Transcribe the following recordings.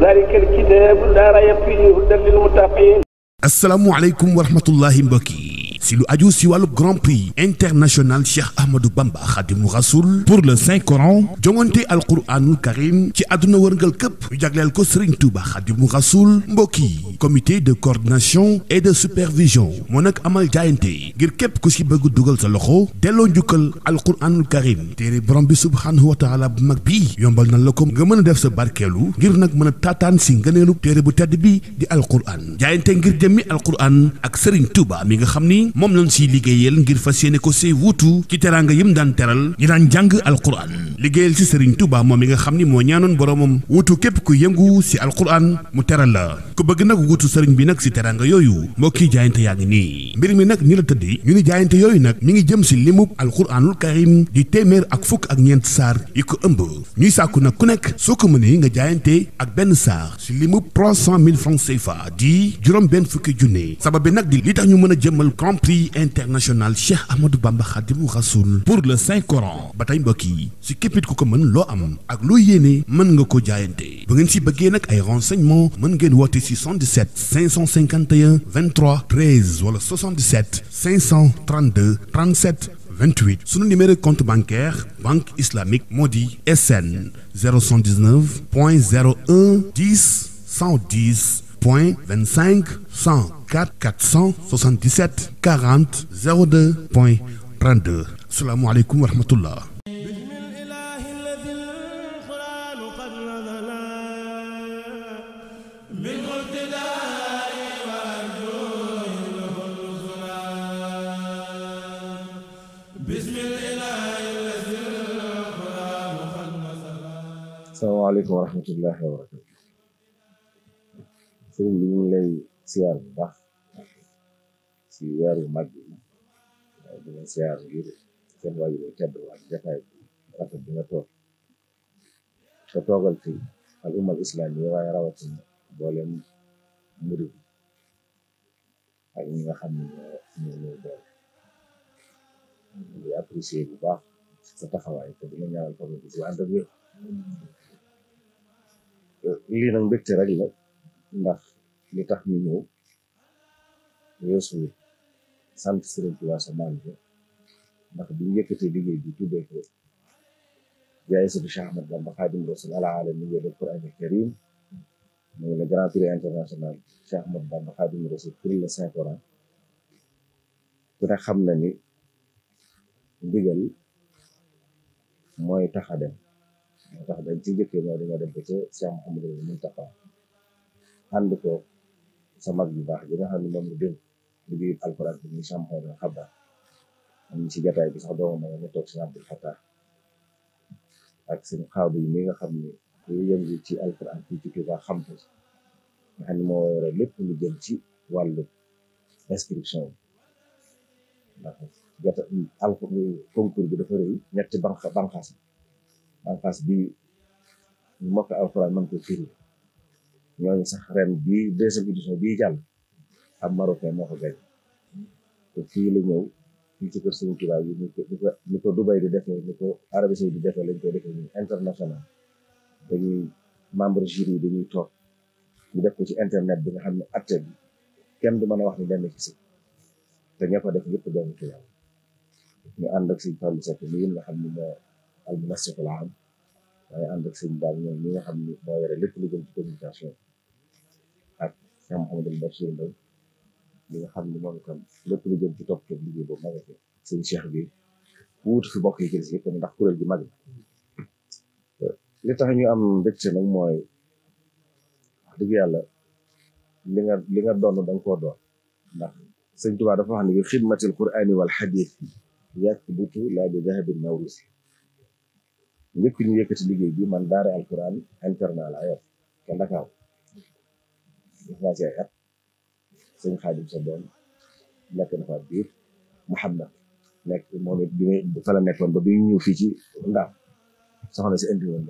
zalikal kitaabu laa rayba fiihi hudan lil muttaqiin assalaamu aleykum wa rahmatullahi mbokk yi si lu aju si wàllu grand prix international Cheikh Ahmadou Bamba Khadimou Rassoul pour le Saint Coran jongante alquranul karim ci àdduna wërngal këpp ñu jagleel ko Serigne Touba Khadimou Rassoul mbokk yi comité de coordination et de supervision moo nag amal jaayante ngir képp ku si bëgg dugal sa loxo delloo njukkal alquranul karim téere borom bi subhaanahu wa taala bu mag bi yombal na la ko nga mën a def sa barkeelu ngir nag mën a taataan si ngëneelu téere bu tedd bi di alquran jaayante ngir jëmmi alquran ak Serigne Touba mi moom lañ siy liggéeyal ngir fas yéene ko see wuutu ci teraanga yim daan teral ñi daan jàng alquran liggéeyal si Serigne Touba moom yi nga xam ni moo ñaanoon boromam wuutu képp ku yëngu si alquran mu teral la ku bëgg nag wuutu sëriñ bi nag si teraanga yooyu mbokki jaayante yaa ngi nii mbir mi nag ni la tëdd ñu ni jaayante yooyu nag mi ngi jëm si limub alquranul karim di téeméer ak fukk ak ñeent saar yi ko ëmb ñuy sàkku nag ku nekk soo ko mëne nga jaayante ak benn saar si limub trois cent mille francs CFA di juróom benn fukki junne sabab bi nag di li tax ñu mën a jëmmal prix international Cheikh Ahmadou Bamba Khadimou Rassoul pour le Saint Coran ba tey mbokk yi si képpit ku ko mën loo am ak loo yéene mën nga ko jaayante bu ngeen si bëggee nag ay renseignements mën ngeen woote si 77 551 23 13 wala 77 532 37 28 sunu numéro compte bancaire banque islamique moo di SN 019 point 01 10 110 point 25 104 477 40 02 point 32 asalaamaaleykum wa rahmatullah salaamaaleykum wa rahmatullahi wa barakatu sëriñ bi ñu ngi lay siyaar bu baax si weer wu mag bi di la siyaar ngir seen waajur bu tedd ak jataay bi rafet bi nga toog te toogal fi al ummal islam yi waaye rawatina mboolem nga xam ne ñoo ñoo doon di apprécier bu baax sa taxawaay te di la ñaanal ko bu ànd ak lii nag ndax li tax ñu ñëw weesu sant Sëriñ Tuubaa sa maam ko ndax bi ñu yëkkatee liggéey bi tuddee ko jaayisatu Cheikh Ahmad Bamba Xaadimu Rasuul ala alamiya del Qur'aan al Karim mooy le grand prix international Cheikh Ahmad Bamba Xaadimu Rasuul pour le Saint Coran ku ne xam na ni ndigal mooy tax a dem moo tax dañ ci njëkkee mooy dañoo dem ba ca Cheikh ànd ko sa mag baax bi xam ne moom la dénk liggéeyu alxuraan bi muy Cheikh Mouhamadou Xabaar am ci jataay bi sax doomu ma nga toog Cheikh Abdoul Fatah ak seen mi nga xam ne kuy yëngu ci alxuraan moo yore lépp lu jëm ci wàllu inscription ndax concours bi dafa rëy ñetti banqaas banqaas bi ñu mokk alxuraan mën ko firi ñooñu sax ren bii deuxième édition bii jàll am marocain moo ko gañ te fii la ñëw fii ci kër Sëriñ Tuubaa yi ni ko ni ko Dubai di defee ni ko Arabie Saoudite di defee lañ koy defee ñu international dañuy membre jury dañuy toog ñu def ko ci internet bi nga xam ne atte bi kenn du mën a wax ni lenn ci si te ña ko def yëpp doomu Tuubaa ñu ànd ak Sëriñ Fallu Seck mii nga xam ne moo almunasiful am waaye ànd ak sëñ daal nga xam ni moo yore lépp lu jëm ci communication ak Cheikh Mouhamadou Bachir Mbaye li ni moom itam lépp lu bi wuutu fi bokk yi gis yëpp ndax kuréel gi mag li tax ñu am mbégte nag dëgg yàlla li nga li nga da nga koo doon ndax sëñ Tuubaa dafa wax ne bi xidmatil qur'ani wal laa yakbutu la bi dahabin mawrusi njëkk ñu yëkkati liggéey bi man daara alquran internat laa yor ca Ndakaaw def naa ci ay at na fa biir Mouhamad nekk moom it nekkoon ba bi ñu ñëw fii ci ndaam soxna si indi woon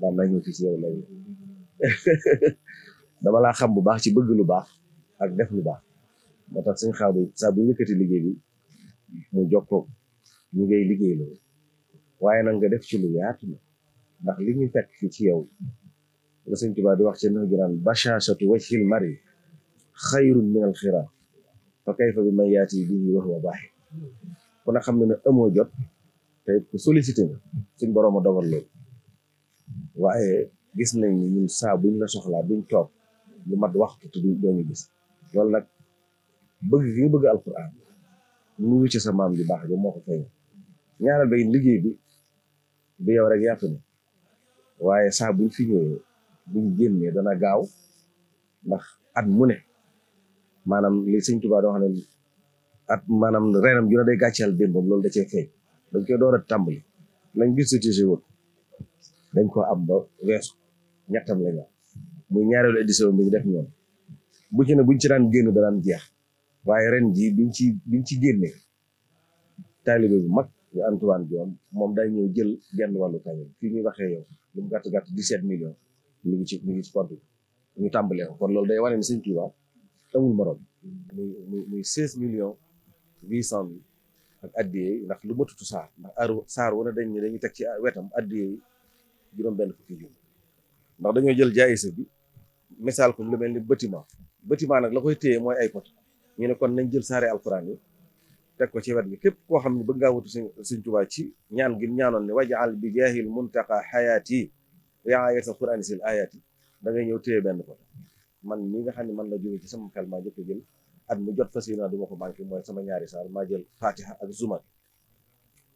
daan naa ñëw fii ci yow lay dama laa xam bu baax ci bëgg lu baax ak def lu baax moo tax sëñ Xaadim saa bu ñu yëkkati liggéey bi mu jokkoo ñu ngay liggéey loolu waaye nag nga def ci lu yaatu na ndax li ñu fekk fii ci yow la sëñ Tuubaa di wax ci nax juraan bashaashatu wajhil mari xayrun min al xiraa fa kayfa bi man yaati wa huwa baax ku xam ne ne amoo jot te ku sollicité nga suñ boroom a loolu waaye gis nañ ni ñun saa buñ la soxlaa duñ toog lu mat waxtu te duñ dooñu gis loolu nag bëgg gi nga bëgg alquran mu ci sa maam ju baax ja moo ko feeñ ñaareel ba liggéey bi du yow rek yaa waaye sax bu fi ñëwee buñ génnee dana gaaw ndax at mu ne maanaam li sëñ Tuubaa doo xam ne at maanaam reenam ju ne day gàcceel démbam loolu da cee feeñ dañ tàmbali lañ gis ci si ko am ba weesu ñettam lañ mu muy ñaareelu édition bi ñu def ñoom bu ci ne buñ ci daan génn da daan jeex waaye ren jii biñ ci biñ ci génnee taalibe ñu Antoine Diome moom day ñëw jël genn wàllu kañu fii ñu waxee yow lu mu gàtt gàtt 17 ngi ci ñu ngi ci ñu tàmbalee ko kon day wane ni Sëñ Tuubaa amul morom muy ak addiyee ndax lu matutu saar saar wane dañ ne dañuy teg ci wetam addiyee yi juróom dañoo jël jaayisa bi misaal ko lu mel ni bâtiment bâtiment nag la koy téye mooy ay pot ñu ne kon nañ jël saare alxuraan yi. teg ko ci wet bi képp koo xam ne bëgg ngaa wutu Sëriñ Tuubaa ci ñaan gi ñaanoon ne wajal bi jaahil muntaqa xayaati riayata qur'an sil ayaati da ngay ñëw téye benn ko man mi nga xam ne man la jóge ci sama xel maa jëkk jël at mu jot fas yéene du ma ko manqué mooy sama ñaari saar maa jël fatiha ak zumar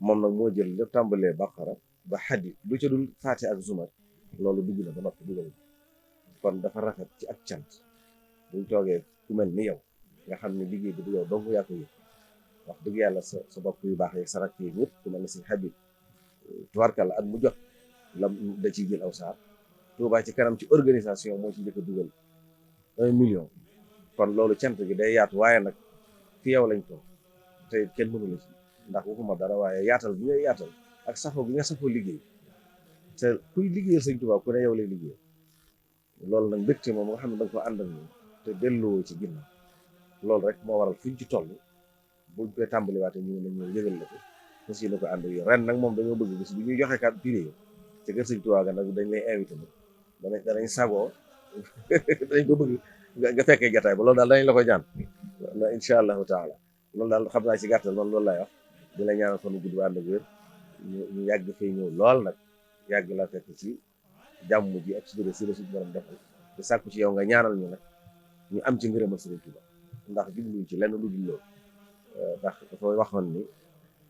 moom nag moo jël lépp tàmbalee baqara ba xaddi du ca dul fatiha ak zumar loolu dugg na ba noppi dugal kon dafa rafet ci ak cant toogee ku mel ni yow nga xam ne liggéey bi du yow dong yaa ko wax dëgg yàlla sa sa bopp yu baax yeeg sa rakk yi ñëpp ku ma ne si Habib euh, tubarkalla at mu jot la da ciy jël aw saar Touba ci kanam ci organisation moo ci njëkk dugal un million kon loolu cant gi day yaat waaye nag fi yow lañ ko te kenn mënu la ci ndax waxuma dara waaye yaatal bi ngay yaatal ak safo bi nga safoo liggéey te kuy liggéeyal sëñ Touba ku ne yow lay liggéeyal loolu nag mbégte moom nga xam ne da nga ko àndal te delloo ci ginnaaw loolu rek moo waral fuñ ci toll buñ koy tàmbaliwaatee ñu ne ñu yëgal la ko fas yéene ko ànd ak yow ren nag moom dañoo bëgg bis bu ñuy joxe kàddu prix yi te kër Sëñ dañ ko bëgg nga fekkee jataay ba loolu daal danañ la ko ñaan incha allahu taala loolu daal xam naa ci gàttal man loolu laay wax di la ñaanal fan gudd ànd ak wér ñëw lool nag yàgg la fekk ci jàmm ji ak sutura si la suñu borom ci yow nga ñaanal ñu nag ñu am ci ngërëmal Sëriñ Tuubaa ndax jubluñ ci lenn lu dul loolu Euh, ndax dafa waxoon ni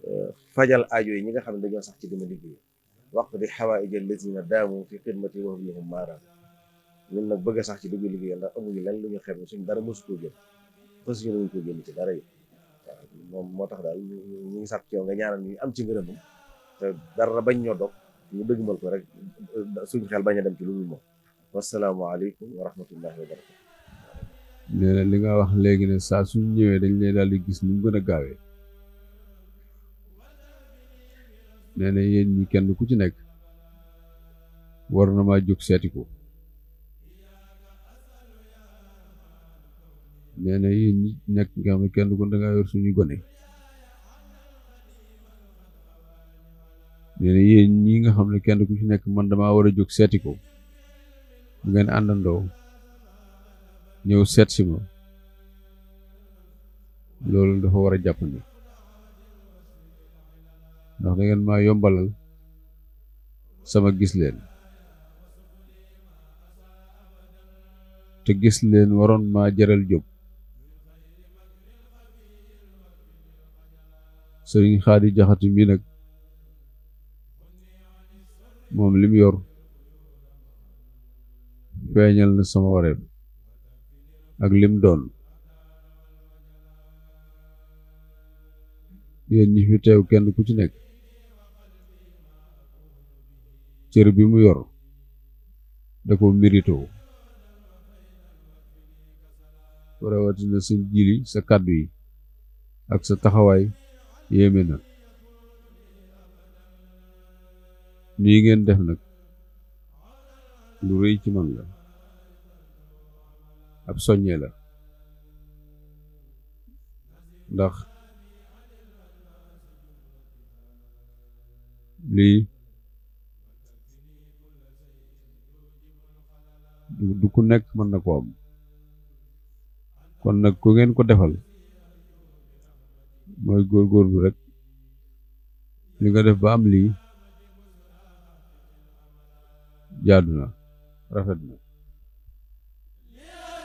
euh, fajal ajo yi ñi nga xam ne dañoo sax ci dama liggéey ko di xawaaija lazina daamu fi xidmati wa hum maaraam ñun nag bëgg a sax ci liggéey liggéeyal ndax amuñu lan lu ñu xeeb suñ dara mosu koo jël fas yéene koo jël ci dara yi moom moo tax daal ñu ngi sax ci yow nga ñaanal ñu am ci ngërëmam te dara bañ ñoo dog ñu dëgmal ko rek suñ xel bañ a dem ci lu dul moom wasalaamaaleykum wa rahmatullahi wa barakatu nee li nga wax léegi ne saa suñu ñëwee dañ lay daal di gis ni mu gën a gaawee nee na yéen ñi kenn ku ci nekk war na maa jóg seeti ko nee na yéen ñi nekk nga xam ne kenn ku dangaa yor suñu gone nee na yéen ñi nga xam ne kenn ku ci nekk man damaa war a jóg seeti ko mu ngeen àndandoo ñëw seet ma loolu dafa war a jàppandi ndax da ngeen maa yombalal sama gis leen te gis leen waroon maa jaral jóg sëriñ xaadi jaxati mi nag moom limu yor feeñal na sama wareef ak lim doon yéen ñi fi teew kenn ku ci nekk cër bi mu yor da ko méritoo rawatina sa jili sa kàddu yi ak sa taxawaay yéeme na nii ngeen def nag lu rëy ci man la ab soññee la ndax lii du ku nekk mën na ko kon nag ku ngeen ko defal mooy góorgóorlu rek li nga def ba am lii jaadu na rafet na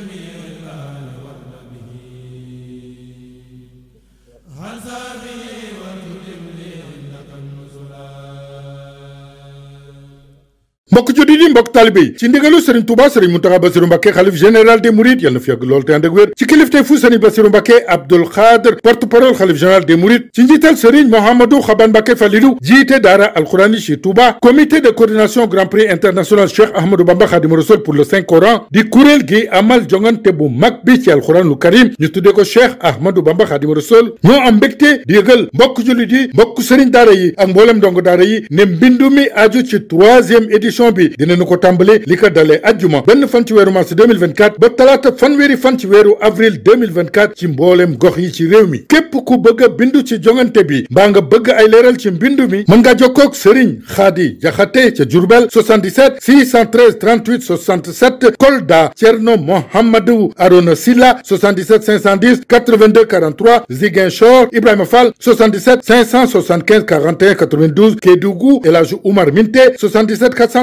amiin mbokk juddi di mbokk taalibé yi ci ba sëriñ Touba sëriñ Mountakha xalif général des mourides yal na fi yàgg lool te ànd ak ci kilifte fu sëriñ Bassirou Mbacké Abdoul Khadr porte-parole xalif général des mourides ci njiital sëriñ Mouhamadou Xaban Mbacké Falilou jiite daara alqurani ci Touba comité de coordination grand prix international Cheikh Ahmadou Bamba Khadimou Rassoul pour le Saint Coran di kuréel gi amal jongante bu mag bi ci alquraanul karim ñu tuddee ko Cheikh Bamba Khadimou Rassoul ñoo am mbégte di yëgal mbokk jullit yi mbokk sëriñ daara yi ak édition bi dinañu ko tàmbale li ko dalee ajjuma benn fan ci weeru mars ba talaata fanweeri fan ci weeru avril ci mbooleem gox ci réew mi képp ku bëgg a bindu ci jongante bi mbaa nga bëgg ay leeral ci mbindu mi mën nga jokkoog Serigne Khady Diakhaté ca Diourbel 77 613 38 67 Kolda Thierno Mohamedou Arona Silla 77 510 82 43 Ziguinchor Ibrahima Fall 77 575 41 92 Kédougou El Hadj Oumar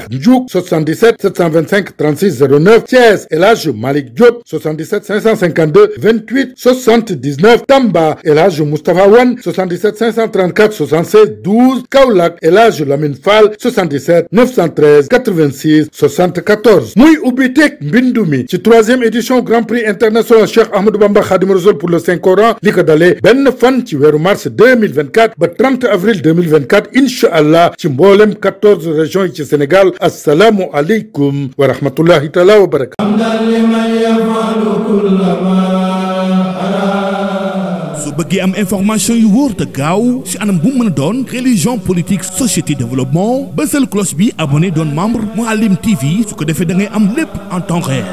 Dakar Djouk 77 725 36 09 Thiès El Hadj Malick Diop 77 552 28 79 Tamba El Hadj Moustapha Wane 77 534 76 12 Kaolack El Hadj Lamine Fall 77 913 86 74 muy ubbi teg mbindu mi ci troisième édition Grand Prix international Cheikh Ahmadou Bamba Khadim Rassoul pour le Saint Coran li ko dalee benn fan ci weeru mars 2024 ba 30 avril 2024 incha allah ci mboolem 14 régions yi ci Sénégal Sénégal assalaamu aleykum wa rahmatullahi taala wa barakaatu su bëggee am information yu wóor te gaaw si anam bu mu mën a doon religion politique société développement bësal cloche bi abonné doon membre Mouhalim TV su ko defee da ngay am lépp en temps réel